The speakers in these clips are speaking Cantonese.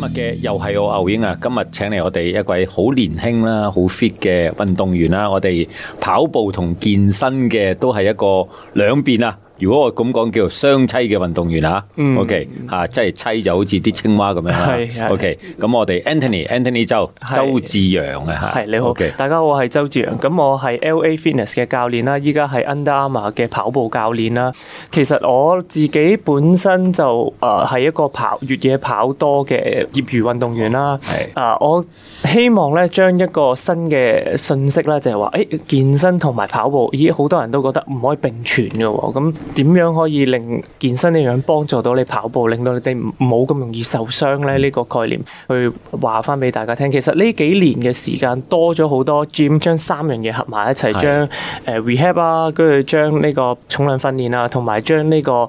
今日嘅又係我牛英啊！今日請嚟我哋一位好年輕啦、啊、好 fit 嘅運動員啦、啊，我哋跑步同健身嘅都係一個兩邊啊。如果我咁講叫雙棲嘅運動員吓，OK 吓，即係棲就好似啲青蛙咁樣啦。OK，咁我哋 Anthony Anthony 周周志洋啊，係你好，大家好，我係周志洋。咁我係 LA Fitness 嘅教練啦，依家係 Under Armour 嘅跑步教練啦。其實我自己本身就啊係一個跑越野跑多嘅業餘運動員啦。啊，我希望咧將一個新嘅信息啦，就係話，誒健身同埋跑步，咦好多人都覺得唔可以並存嘅喎。咁點樣可以令健身呢樣幫助到你跑步，令到你哋唔冇咁容易受傷咧？呢、嗯、個概念去話翻俾大家聽。其實呢幾年嘅時間多咗好多 gym，將三樣嘢合埋一齊將誒 rehab 啊，跟住將呢個重量訓練啊，同埋將呢個誒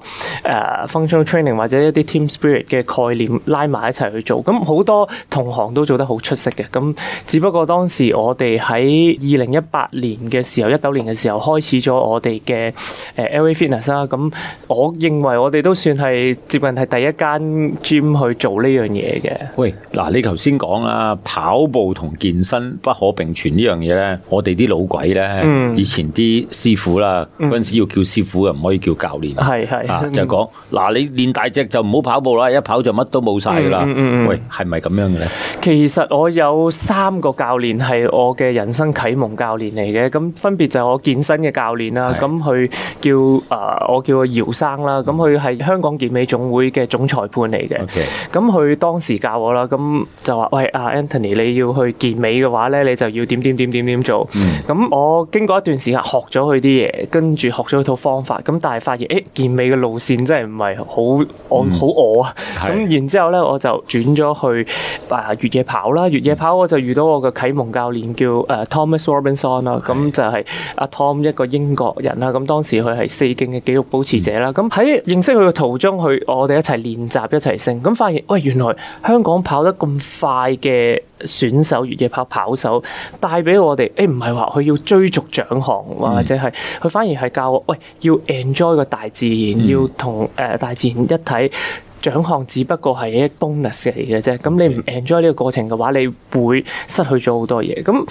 functional training 或者一啲 team spirit 嘅概念拉埋一齊去做。咁好多同行都做得好出色嘅。咁只不過當時我哋喺二零一八年嘅時候，一九年嘅時候開始咗我哋嘅誒 LA Fitness。啦咁，我認為我哋都算係接近係第一間 gym 去做呢樣嘢嘅。喂，嗱，你頭先講啊，跑步同健身不可並存呢樣嘢咧，我哋啲老鬼咧，以前啲師傅啦，嗰陣時要叫師傅嘅，唔可以叫教練。係係啊，就係講嗱，你練大隻就唔好跑步啦，一跑就乜都冇晒噶啦。嗯嗯嗯。喂，係咪咁樣嘅咧？其實我有三個教練係我嘅人生啟蒙教練嚟嘅，咁分別就係我健身嘅教練啦，咁佢叫啊。我叫佢姚生啦，咁佢係香港健美總會嘅總裁判嚟嘅。咁佢 Okay. 當時教我啦，咁就話喂，阿 Anthony，你要去健美嘅話咧，你就要點點點點點做。咁、mm. 我經過一段時間學咗佢啲嘢，跟住學咗一套方法。咁但係發現誒健、欸、美嘅路線真係唔係好我好餓啊。咁然之後咧，我就轉咗去啊越野跑啦。越野跑我就遇到我嘅啟蒙教練叫誒、uh, Thomas Robinson 啦、mm. 就是。咁就係阿 Tom 一個英國人啦。咁當時佢係四徑嘅體育保持者啦，咁喺認識佢嘅途中，去我哋一齊練習，一齊升，咁發現，喂，原來香港跑得咁快嘅選手，越野跑跑手，帶俾我哋，誒、欸，唔係話佢要追逐獎項，或者係佢、嗯、反而係教我：「喂，要 enjoy 個大自然，嗯、要同誒大自然一體」，獎項只不過係一個 bonus 嚟嘅啫。咁你唔 enjoy 呢個過程嘅話，你會失去咗好多嘢。咁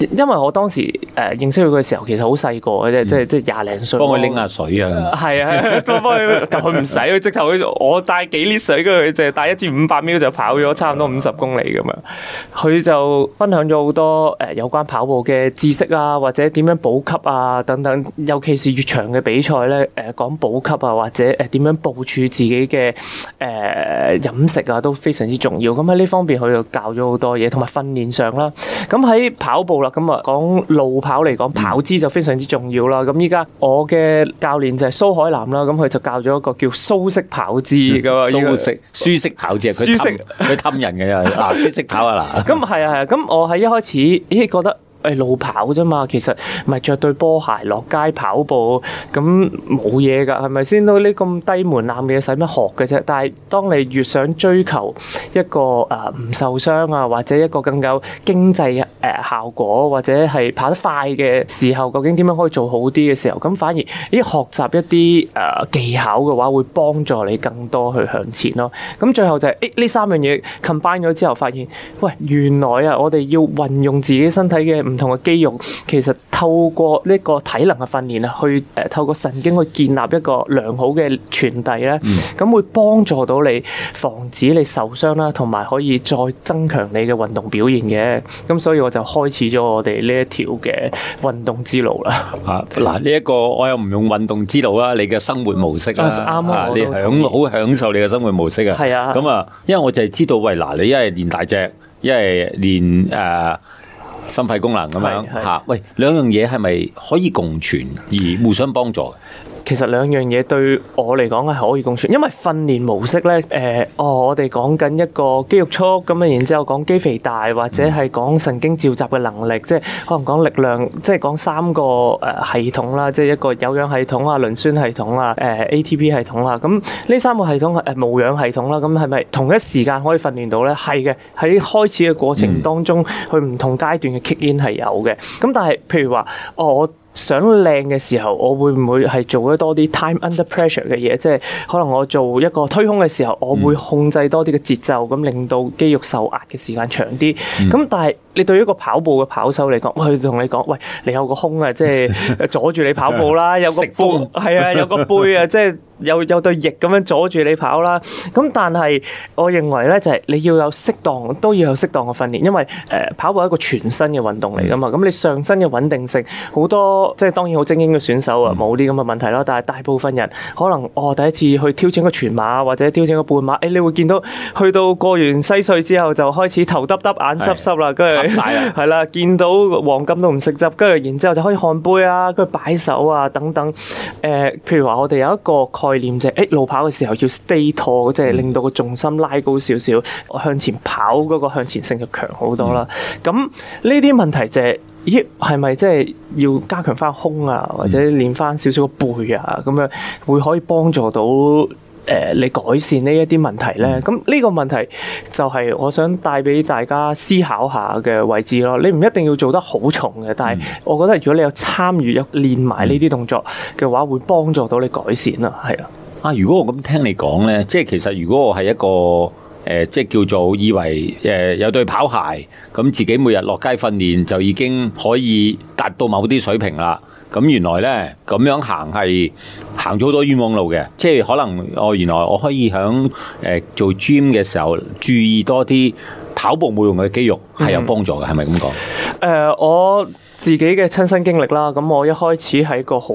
因為我當時誒認識佢嘅時候，其實好細個嘅，啫、嗯，即係即係廿零歲，幫佢拎下水啊！係啊，幫佢， 唔使，佢直頭，我帶幾 L 水，佢就帶一千五百 ml 就跑咗差唔多五十公里咁樣。佢吧就分享咗好多誒有關跑步嘅知識啊，或者點樣補給啊等等。尤其是越長嘅比賽咧，誒講補給啊，或者誒點樣部署自己嘅誒飲食啊，都非常之重要。咁喺呢方面，佢就教咗好多嘢，同埋訓練上啦。咁喺跑步咁啊，講路跑嚟講跑姿就非常之重要啦。咁依家我嘅教練就係蘇海南啦，咁佢就教咗一個叫蘇式跑姿嘅，蘇式舒適跑姿，舒適佢氹人嘅又，嗱舒適跑啊嗱。咁係啊係啊，咁我喺一開始咦覺得誒路跑啫嘛，其實咪着對波鞋落街跑步，咁冇嘢噶，係咪先？到呢咁低門檻嘅嘢，使乜學嘅啫？但係當你越想追求一個誒唔受傷啊，或者一個更加經濟嘅。誒效果或者係跑得快嘅時候，究竟點樣可以做好啲嘅時候？咁反而依、欸、學習一啲誒、呃、技巧嘅話會幫助你更多去向前咯。咁最後就係誒呢三樣嘢 combine 咗之後發現喂原來啊，我哋要運用自己身體嘅唔同嘅肌肉，其實透過呢個體能嘅訓練啊，去誒、呃、透過神經去建立一個良好嘅傳遞咧，咁、嗯、會幫助到你防止你受傷啦，同埋可以再增強你嘅運動表現嘅。咁所以我。就開始咗我哋呢一條嘅運動之路啦。啊，嗱，呢一個我又唔用運動之路啦，你嘅生活模式啦，yes, right, 啊，你享好享受你嘅生活模式啊。係啊。咁啊，因為我就係知道，喂，嗱、呃，你一係練大隻，一係練誒、呃、心肺功能咁樣嚇、啊。喂，兩樣嘢係咪可以共存而互相幫助？其實兩樣嘢對我嚟講係可以共存，因為訓練模式咧，誒、呃，哦，我哋講緊一個肌肉速，咁啊，然之後講肌肥大，或者係講神經召集嘅能力，即係可能講力量，即係講三個誒、呃、系統啦，即係一個有氧系統啊、磷酸系統啊、誒、呃、ATP 系統啊，咁、嗯、呢三個系統誒、呃、無氧系統啦，咁係咪同一時間可以訓練到咧？係嘅，喺開始嘅過程當中，去唔、嗯、同階段嘅 kick in 係有嘅，咁但係譬如話我。哦想靚嘅時候，我會唔會係做得多啲 time under pressure 嘅嘢？即係可能我做一個推胸嘅時候，我會控制多啲嘅節奏，咁、嗯、令到肌肉受壓嘅時間長啲。咁、嗯、但係。你對於一個跑步嘅跑手嚟講，佢同你講：喂，你有個胸啊，即係阻住你跑步啦；有個背，係啊，有個背啊，即係有有對翼咁樣阻住你跑啦。咁但係，我認為咧就係你要有適當，都要有適當嘅訓練，因為誒跑步係一個全身嘅運動嚟㗎嘛。咁你上身嘅穩定性好多，即係當然好精英嘅選手啊冇啲咁嘅問題啦。但係大部分人可能我第一次去挑戰個全馬或者挑戰個半馬，誒你會見到去到過完西隧之後就開始頭耷耷、眼濕濕啦，跟住。係啦， 見到黃金都唔識執，跟住然之後就可以看背啊，跟住擺手啊等等。誒、呃，譬如話我哋有一個概念，就是，就係誒路跑嘅時候要 stay tall，即係令到個重心拉高少少，向前跑嗰個向前性就強好多啦。咁呢啲問題就係、是，咦，係咪即係要加強翻胸啊，或者練翻少少個背啊，咁、嗯、樣會可以幫助到？誒、呃，你改善呢一啲問題咧，咁呢個問題就係我想帶俾大家思考下嘅位置咯。你唔一定要做得好重嘅，但係我覺得如果你有參與、有練埋呢啲動作嘅話，會幫助到你改善啦。係啊，啊，如果我咁聽你講咧，即係其實如果我係一個誒、呃，即係叫做以為誒、呃、有對跑鞋，咁自己每日落街訓練就已經可以達到某啲水平啦。咁原來咧咁樣行係行咗好多冤枉路嘅，即係可能我原來我可以喺誒、呃、做 gym 嘅時候注意多啲跑步冇用嘅肌肉係有幫助嘅，係咪咁講？誒、呃、我。自己嘅親身經歷啦，咁我一開始係一個好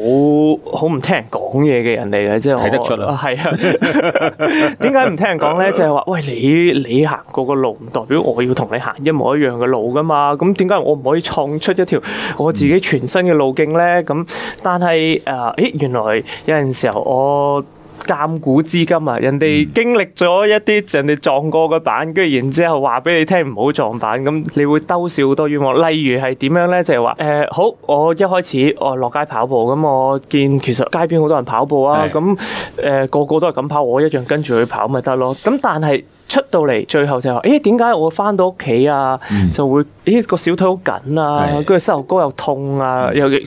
好唔聽人講嘢嘅人嚟嘅，即係我睇得出啦。係啊，點解唔聽人講咧？就係、是、話，喂，你你行過個路唔代表我要同你行一模一樣嘅路噶嘛？咁點解我唔可以創出一條我自己全新嘅路徑咧？咁、嗯、但係誒，誒、呃，原來有陣時候我。鑑古知今啊，人哋經歷咗一啲人哋撞過嘅板，跟住然之後話俾你聽唔好撞板，咁你會兜少好多冤枉。例如係點樣呢？就係話誒，好，我一開始我落街跑步，咁我見其實街邊好多人跑步啊，咁誒是的、呃、個個都係咁跑，我一樣跟住去跑咪得咯。咁但係出到嚟最後就話、是，咦、欸，點解我翻到屋企啊，嗯、就會咦，欸那個小腿好緊啊，跟住是的 膝頭哥又痛啊，是的 又。又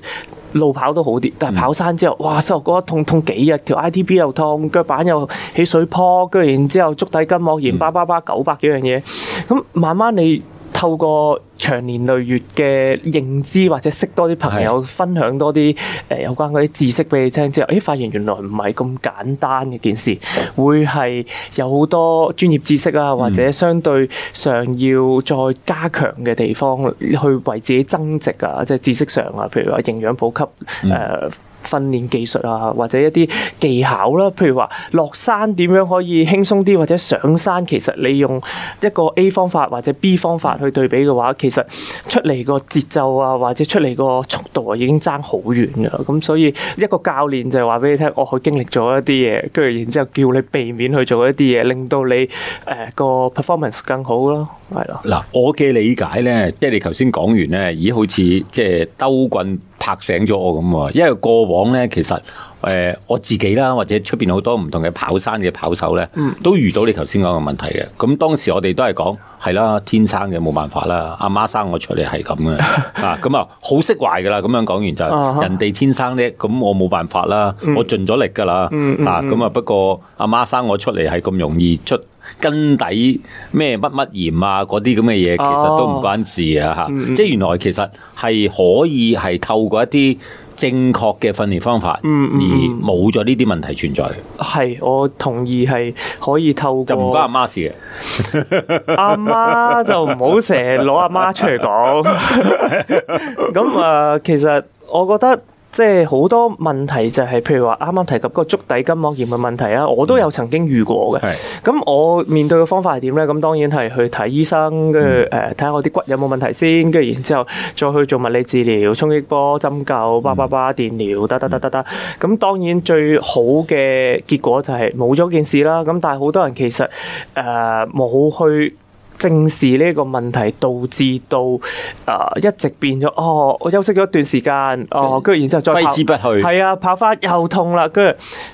路跑都好啲，但係跑山之後，哇，膝頭哥痛痛幾日，條 I T B 又痛，腳板又起水泡，然之後足底筋膜炎，叭叭叭九百幾樣嘢，咁慢慢你。透過長年累月嘅認知或者識多啲朋友，的分享多啲誒、呃、有關嗰啲知識俾你聽之後，誒、哎、發現原來唔係咁簡單嘅件事，的會係有好多專業知識啊，或者相對上要再加強嘅地方，嗯、去為自己增值啊，即係知識上啊，譬如話營養補給誒。呃嗯訓練技術啊，或者一啲技巧啦、啊，譬如話落山點樣可以輕鬆啲，或者上山其實你用一個 A 方法或者 B 方法去對比嘅話，其實出嚟個節奏啊，或者出嚟個速度啊，已經爭好遠㗎啦。咁所以一個教練就係話俾你聽，我去經歷咗一啲嘢，跟住然之後叫你避免去做一啲嘢，令到你誒、呃、個 performance 更好咯，係咯。嗱，我嘅理解呢，即、就、係、是、你頭先講完呢，咦好似即係兜棍。拍醒咗我咁喎，因為過往咧，其實。誒、呃，我自己啦，或者出邊好多唔同嘅跑山嘅跑手咧，都遇到你頭先講嘅問題嘅。咁、嗯、當時我哋都係講係啦，天生嘅冇辦法啦，阿媽生我出嚟係咁嘅。 啊，咁啊好釋懷噶啦，咁樣講完就、哦、人哋天生叻，咁我冇辦法啦，嗯、我盡咗力噶啦。嗯嗯、啊，咁啊，不過阿媽生我出嚟係咁容易出根底咩乜乜炎啊，嗰啲咁嘅嘢，其實都唔關事啊吓。哦嗯嗯、即係原來其實係可以係透過一啲正確嘅訓練方法，而冇咗呢啲問題存在。係，我同意係可以透過，就唔關阿媽事嘅。阿 媽就唔好成日攞阿媽出嚟講。咁 啊，呃，其實我覺得。即係好多問題就係、是，譬如話啱啱提及嗰個足底筋膜炎嘅問題啊，我都有曾經遇過嘅。咁、嗯、我面對嘅方法係點呢？咁當然係去睇醫生，跟住誒睇下我啲骨有冇問題先，跟住然之後再去做物理治療、衝擊波、針灸、叭叭叭電療、得得得得得。咁、嗯嗯、當然最好嘅結果就係冇咗件事啦。咁但係好多人其實誒冇、呃、去。正視呢個問題導致到，誒、呃、一直變咗。哦，我休息咗一段時間，哦，跟住然之後再揮之不去，係啊，跑翻又痛啦。跟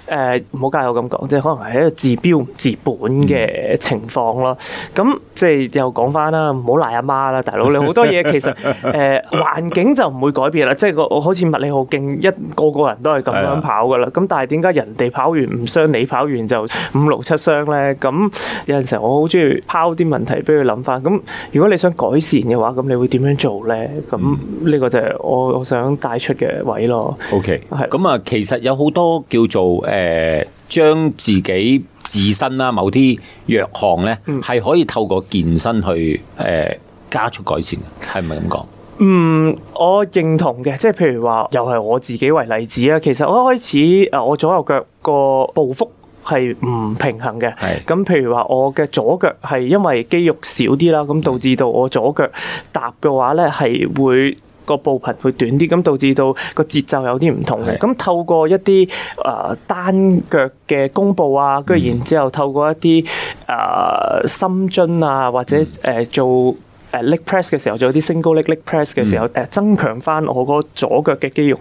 住誒，唔好介意我咁講，即係可能係一個治標唔治本嘅情況咯。咁即係又講翻啦，唔好賴阿媽啦，大佬你好多嘢其實誒、 呃、環境就唔會改變啦。即係我我好似物理好勁，一個個人都係咁樣跑噶啦。咁的但係點解人哋跑完唔傷，你跑完就五六七傷咧？咁有陣時候我好中意拋啲問題。都要諗翻咁，如果你想改善嘅話，咁你會點樣做咧？咁呢個就係我我想帶出嘅位咯。O K，係咁啊，其實有好多叫做誒、將、呃、自己自身啦，某啲弱項咧，係、嗯、可以透過健身去誒、呃、加速改善嘅，係唔係咁講？嗯，我認同嘅，即係譬如話，又係我自己為例子啊。其實我一開始誒，我左右腳個步幅。係唔平衡嘅，咁譬如話，我嘅左腳係因為肌肉少啲啦，咁導致到我左腳踏嘅話咧，係會個步頻會短啲，咁導致到個節奏有啲唔同嘅。咁是透過一啲啊、呃、單腳嘅弓步啊，跟住、嗯、然之後，後透過一啲啊、呃、深蹲啊，或者誒、呃、做誒、呃、leg press 嘅時候，做啲升高 leg leg press 嘅時候，誒、嗯、增強翻我個左腳嘅肌肉。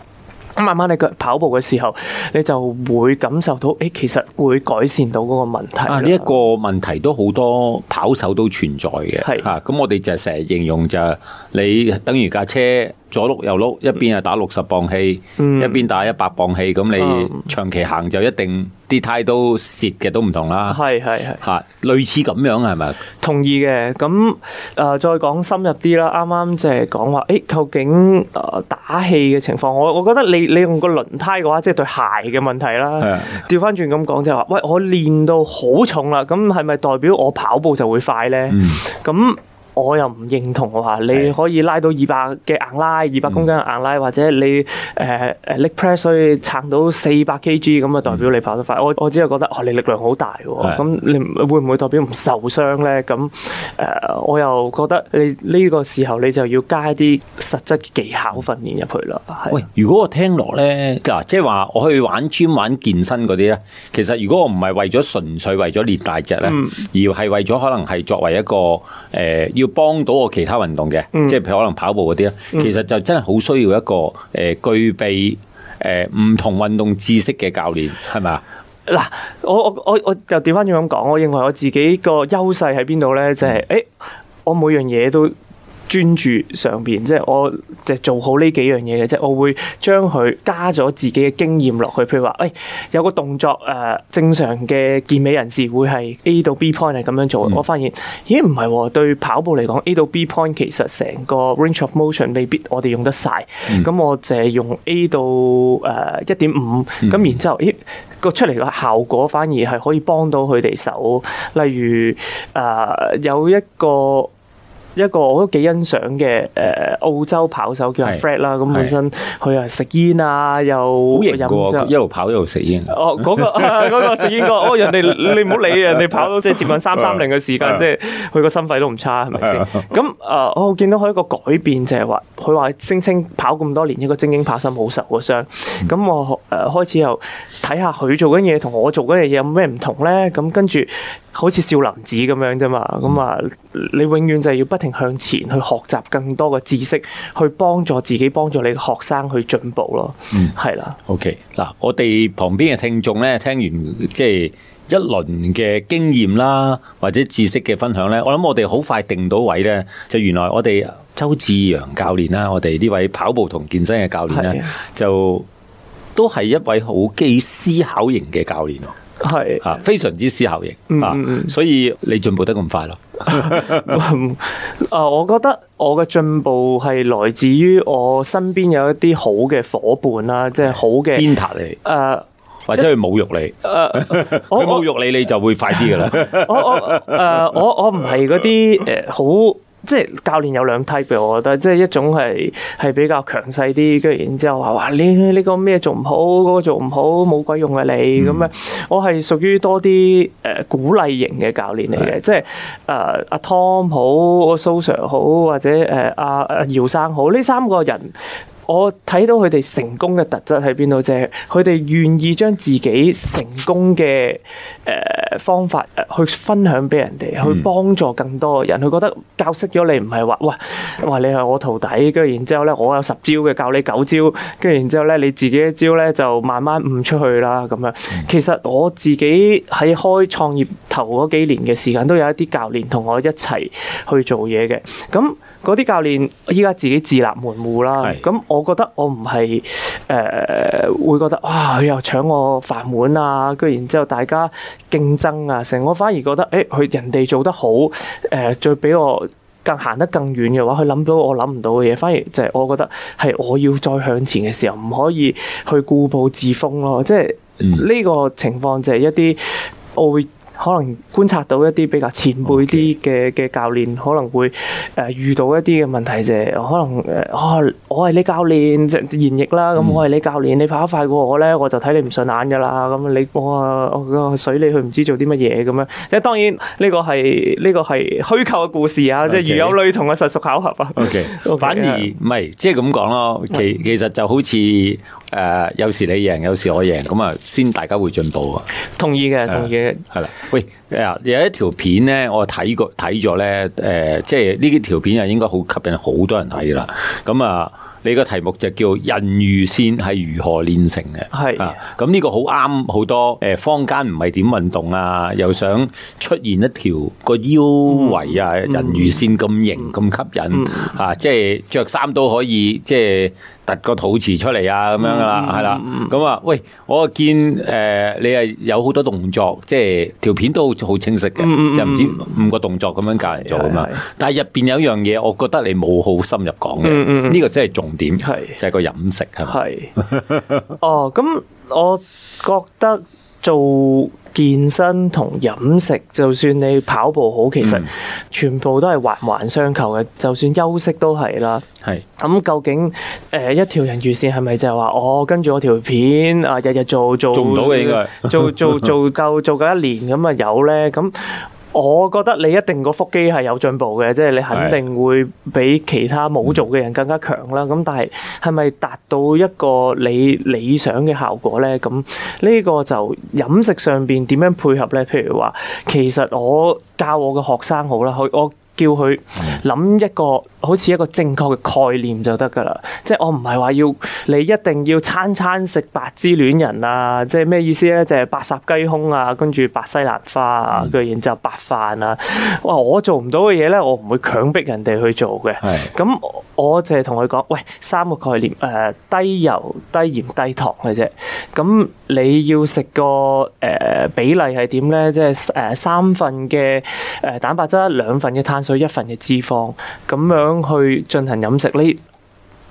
慢慢你嘅跑步嘅時候，你就會感受到，誒，其實會改善到嗰個問題。啊，呢一個問題都好多跑手都存在嘅。係吓，咁我哋就成日形容就你等於架車。左碌右碌，一邊係打六十磅氣，一邊打一百磅氣，咁你長期行就一定啲胎都蝕嘅，都唔同啦。係係係，吓類似咁樣係咪？同意嘅，咁誒再講深入啲啦。啱啱就係講話，誒，究竟誒打氣嘅情況，我我覺得你你用個輪胎嘅話，即係對鞋嘅問題啦。調翻轉咁講就係話，喂，我練到好重啦，咁係咪代表我跑步就會快咧？咁我又唔認同我話，你可以拉到二百嘅硬拉，二百公斤嘅硬拉，嗯、或者你誒誒 press 所以撐到四百 kg 咁就代表你跑得快。嗯、我我只係覺得，哦，你力量好大喎、哦，咁、嗯、你會唔會代表唔受傷咧？咁誒、呃，我又覺得你呢、呢個時候你就要加一啲實質技巧訓練入去啦。喂，如果我聽落咧、啊、即係話我去玩專玩健身嗰啲咧，其實如果我唔係為咗純粹為咗練大隻咧，嗯、而係為咗可能係作為一個誒、呃、要。幫到我其他運動嘅，即係譬如可能跑步嗰啲咧，嗯、其實就真係好需要一個誒、呃、具備誒唔、呃、同運動知識嘅教練，係咪啊？嗱，我我我我又調返轉咁講，我認為我自己個優勢喺邊度咧，就係、是、誒、欸，我每樣嘢都。專注上邊，即係我就做好呢幾樣嘢嘅，即係我會將佢加咗自己嘅經驗落去。譬如話，誒、哎、有個動作誒、呃，正常嘅健美人士會係 A 到 B point 係咁樣做，嗯、我發現咦唔係喎，對跑步嚟講 A 到 B point 其實成個 range of motion 未必我哋用得晒。咁、嗯、我淨係用 A 到誒一點五，咁、呃嗯、然之後咦個出嚟嘅效果反而係可以幫到佢哋手。例如誒、呃、有一個。一個我都幾欣賞嘅，誒、呃，澳洲跑手叫 Fred 啦是，咁本身佢係食煙啊，又好型噶，一路跑一路食煙。哦，嗰個個食煙個，啊那個、煙 哦，人哋你唔好理，人哋跑到即係接近三三零嘅時間，即係佢個心肺都唔差，係咪先？咁啊、 呃，我見到佢一個改變就係、是、話，佢話聲稱跑咁多年一個精英跑手好受過傷，咁 我誒開始又睇下佢做緊嘢同我做緊嘢有咩唔同咧，咁跟住。好似少林寺咁樣啫嘛，咁啊，你永遠就係要不停向前去學習更多嘅知識，去幫助自己，幫助你嘅學生去進步咯。嗯，係啦。OK，嗱，我哋旁邊嘅聽眾咧，聽完即係一輪嘅經驗啦，或者知識嘅分享咧，我諗我哋好快定到位咧，就原來我哋周志洋教練啦，我哋呢位跑步同健身嘅教練咧，是的 就都係一位好基思考型嘅教練係啊，是非常之思考型、嗯、啊，所以你進步得咁快咯。啊， 我覺得我嘅進步係來自於我身邊有一啲好嘅夥伴啦，即、就、係、是、好嘅的鞭撻你，誒、呃，或者去侮辱你，誒、呃，佢侮辱你你就會快啲噶啦。我我誒、呃，我我唔係嗰啲誒好。 即係教練有兩梯，y 我覺得即係一種係係比較強勢啲，跟住然之後話話你你個咩做唔好，嗰、嗰個做唔好，冇鬼用嘅、啊、你咁啊、嗯！我係屬於多啲誒、呃、鼓勵型嘅教練嚟嘅，是的 即係誒阿 Tom 好，阿 So Sir 好，或者誒阿阿姚生好呢三個人。我睇到佢哋成功嘅特質喺邊度啫？佢哋願意將自己成功嘅誒、呃、方法去分享俾人哋，去幫助更多人。佢覺得教識咗你，唔係話喂喂，你係我徒弟，跟住然後之後咧，我有十招嘅教你九招，跟住然後之後咧，你自己一招咧就慢慢悟出去啦咁樣。其實我自己喺開創業頭嗰幾年嘅時間，都有一啲教練同我一齊去做嘢嘅。咁嗰啲教練依家自己自立門戶啦，咁是我覺得我唔係誒，會覺得哇又搶我飯碗啊，居然之後大家競爭啊成，我反而覺得誒，佢人哋做得好誒，再、呃、俾我更行得更遠嘅話，佢諗到我諗唔到嘅嘢，反而就係我覺得係我要再向前嘅時候，唔可以去固步自封咯，即係呢、嗯、個情況就係一啲我。會。可能觀察到一啲比較前輩啲嘅嘅教練，可能會誒遇到一啲嘅問題啫，可能誒、哦、我我係你教練，即係現役啦，咁、嗯、我係你教練，你跑快過我咧，我就睇你唔順眼噶啦，咁你我水你去唔知做啲乜嘢咁樣，即係當然呢、這個係呢、這個係虛構嘅故事啊，即係如有類同嘅實屬巧合啊，反而唔係即係咁講咯，其、嗯、其實就好似。誒，uh, 有時你贏，有時我贏，咁啊，先大家會進步啊！同意嘅，同意係啦。喂，啊、uh,，有一條片咧，我睇過睇咗咧，誒，uh, 即係呢啲條片啊，應該好吸引好多人睇啦。咁啊、嗯，uh, 你個題目就叫人魚線係如何練成嘅？係啊、嗯，咁呢、uh, 個好啱好多誒，坊間唔係點運動啊，又想出現一條個腰圍啊，嗯、人魚線咁型咁吸引啊，即係着衫都可以，即係。即突個肚臍出嚟啊咁樣噶啦，係啦。咁啊，喂，我見誒你係有好多動作，即係條片都好清晰嘅，就唔止五個動作咁樣教人做咁啊。但係入邊有一樣嘢，我覺得你冇好深入講嘅，呢個真係重點係就係個飲食係咪？係。哦，咁我覺得做。健身同飲食，就算你跑步好，其實全部都係環環相扣嘅。就算休息都係啦。係是。咁、嗯、究竟誒、呃、一條人魚線係咪就係話，哦，我跟住我條片啊，日日做做做，做做唔到嘅應該，做做做夠做夠一年咁啊，有咧咁。嗯我覺得你一定個腹肌係有進步嘅，即係你肯定會比其他冇做嘅人更加強啦。咁但係係咪達到一個你理想嘅效果咧？咁呢個就飲食上面點樣配合咧？譬如話，其實我教我嘅學生好啦，去我。叫佢諗一個好似一個正確嘅概念就得㗎啦，即係我唔係話要你一定要餐餐食白芝戀人啊，即係咩意思咧？就係、是、白烚雞胸啊，跟住白西蘭花啊，居、嗯、然就白飯啊。哇！我做唔到嘅嘢咧，我唔會強迫人哋去做嘅。咁是我就係同佢講，喂，三個概念誒、呃、低油、低鹽低糖嘅啫。咁你要食個誒、呃、比例係點咧？即係誒、呃、三份嘅誒蛋白質兩份嘅碳，對一份嘅脂肪咁樣去進行飲食，你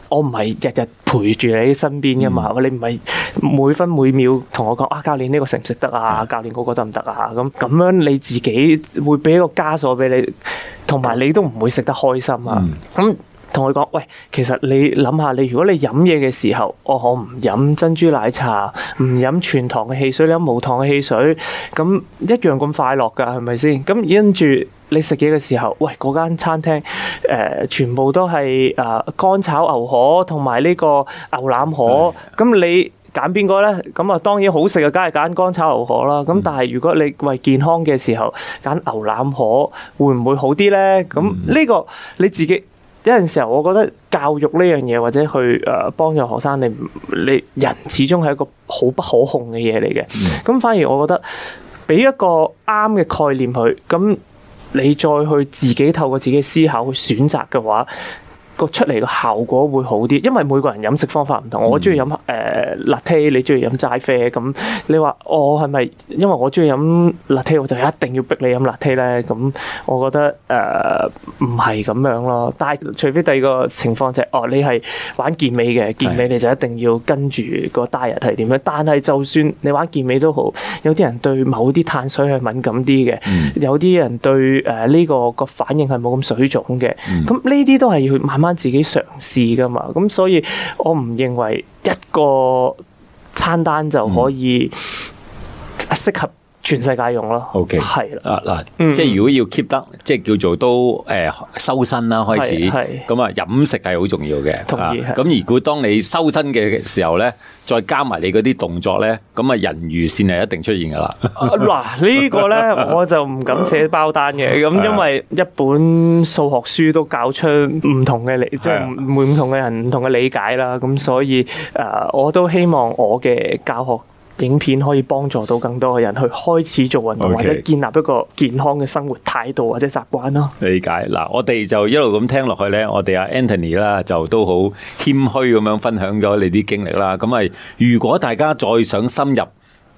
我唔係日日陪住你身邊㗎嘛，你唔係每分每秒同我講啊，教練呢個食唔食得啊，教練嗰個得唔得啊？咁咁樣你自己會俾一個枷鎖俾你，同埋你都唔會食得開心啊。咁同佢講，喂，其實你諗下，你如果你飲嘢嘅時候，我可唔飲珍珠奶茶，唔飲全糖嘅汽水，你飲無糖嘅汽水，咁一樣咁快樂噶，係咪先？咁跟住。你食嘢嘅時候，喂，嗰間餐廳，誒、呃、全部都係誒乾炒牛河同埋呢個牛腩河，咁的你揀邊個咧？咁啊，當然好食嘅梗係揀乾炒牛河啦。咁但係如果你為健康嘅時候揀牛腩河，會唔會好啲咧？咁呢、這個、嗯、你自己有陣時候，我覺得教育呢樣嘢或者去誒、呃、幫助學生，你你人始終係一個好不可控嘅嘢嚟嘅。咁、嗯、反而我覺得俾一個啱嘅概念佢咁。嗯你再去自己透過自己嘅思考去選擇嘅話。個出嚟個效果會好啲，因為每個人飲食方法唔同。嗯、我中意飲誒 latte，你中意飲齋啡。咁你話我係咪因為我中意飲 latte，我就一定要逼你飲 latte 咧？咁我覺得誒唔係咁樣咯。但係除非第二個情況就係、是、哦，你係玩健美嘅，健美你就一定要跟住個 diet 係點樣。但係就算你玩健美都好，有啲人對某啲碳水係敏感啲嘅，嗯、有啲人對誒呢、呃這個、這個這個反應係冇咁水腫嘅。咁呢啲都係要慢慢。自己嘗試噶嘛，咁所以我唔認為一個餐單就可以適、嗯、合。全世界用咯，OK，係啊，嗱，即係如果要 keep 得，即係叫做都誒收身啦，開始咁啊，飲食係好重要嘅。同意。咁而如果當你收身嘅時候咧，再加埋你嗰啲動作咧，咁啊人魚線係一定出現噶啦。嗱，呢個咧我就唔敢寫包單嘅，咁因為一本數學書都教出唔同嘅理，即係每唔同嘅人唔同嘅理解啦。咁所以誒，我都希望我嘅教學。影片可以幫助到更多嘅人去開始做運動，Okay. 或者建立一個健康嘅生活態度或者習慣咯。理解。嗱，我哋就一路咁聽落去呢。我哋阿 Anthony 啦就都好謙虛咁樣分享咗你啲經歷啦。咁啊，如果大家再想深入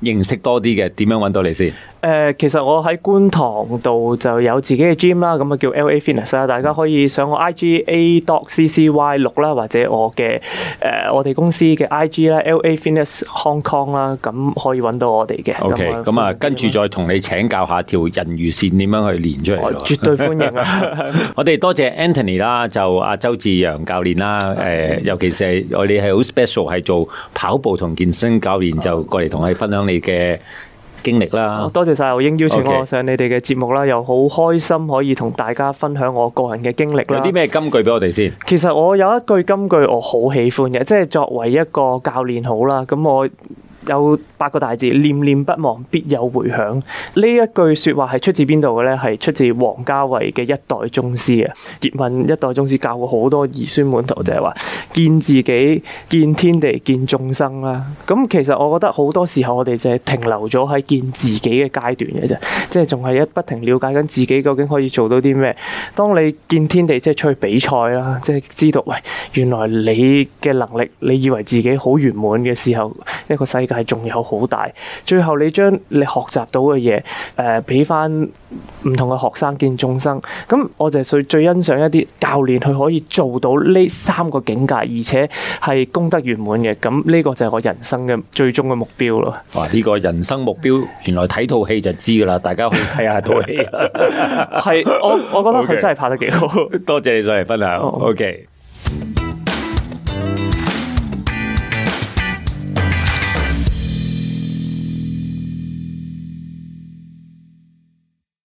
認識多啲嘅，點樣揾到你先？誒、呃，其實我喺觀塘度就有自己嘅 gym 啦，咁啊叫 L A Fitness 啊，大家可以上我 I G A d o c C C Y 六啦，或者我嘅誒、呃、我哋公司嘅 I G 啦 L A Fitness Hong Kong 啦，咁可以揾到我哋嘅。O K，咁啊，跟住再同你請教下條人魚線點樣去練出嚟，啊？絕對歡迎 ony，啊！我哋多謝 Anthony 啦，就阿周志洋教練啦，誒、呃，尤其是係我哋係好 special 係做跑步同健身教練，就過嚟同你分享你嘅。經歷啦，多謝晒牛英邀請我上你哋嘅節目啦，Okay. 又好開心可以同大家分享我個人嘅經歷。有啲咩金句俾我哋先？其實我有一句金句我好喜歡嘅，即係作為一個教練好啦，咁我。有八個大字，念念不忘，必有回響。呢一句說話係出自邊度嘅咧？係出自王家衛嘅一代宗師啊！葉問一代宗師教過好多兒孫滿徒就，就係話見自己、見天地、見眾生啦、啊。咁其實我覺得好多時候我哋就係停留咗喺見自己嘅階段嘅啫，即係仲係一不停了解緊自己究竟可以做到啲咩。當你見天地，即係出去比賽啦，即係知道喂，原來你嘅能力，你以為自己好圓滿嘅時候，一個世界，係仲有好大。最後你將你學習到嘅嘢，誒、呃，俾翻唔同嘅學生見眾生。咁我就最欣賞一啲教練，佢可以做到呢三個境界，而且係功德圓滿嘅。咁呢個就係我人生嘅最終嘅目標咯。哇！呢、這個人生目標，原來睇套戲就知㗎喇。大家可以睇下套戲，係 我我覺得佢真係拍得幾好。Okay. 多謝你上嚟分享。Oh. OK。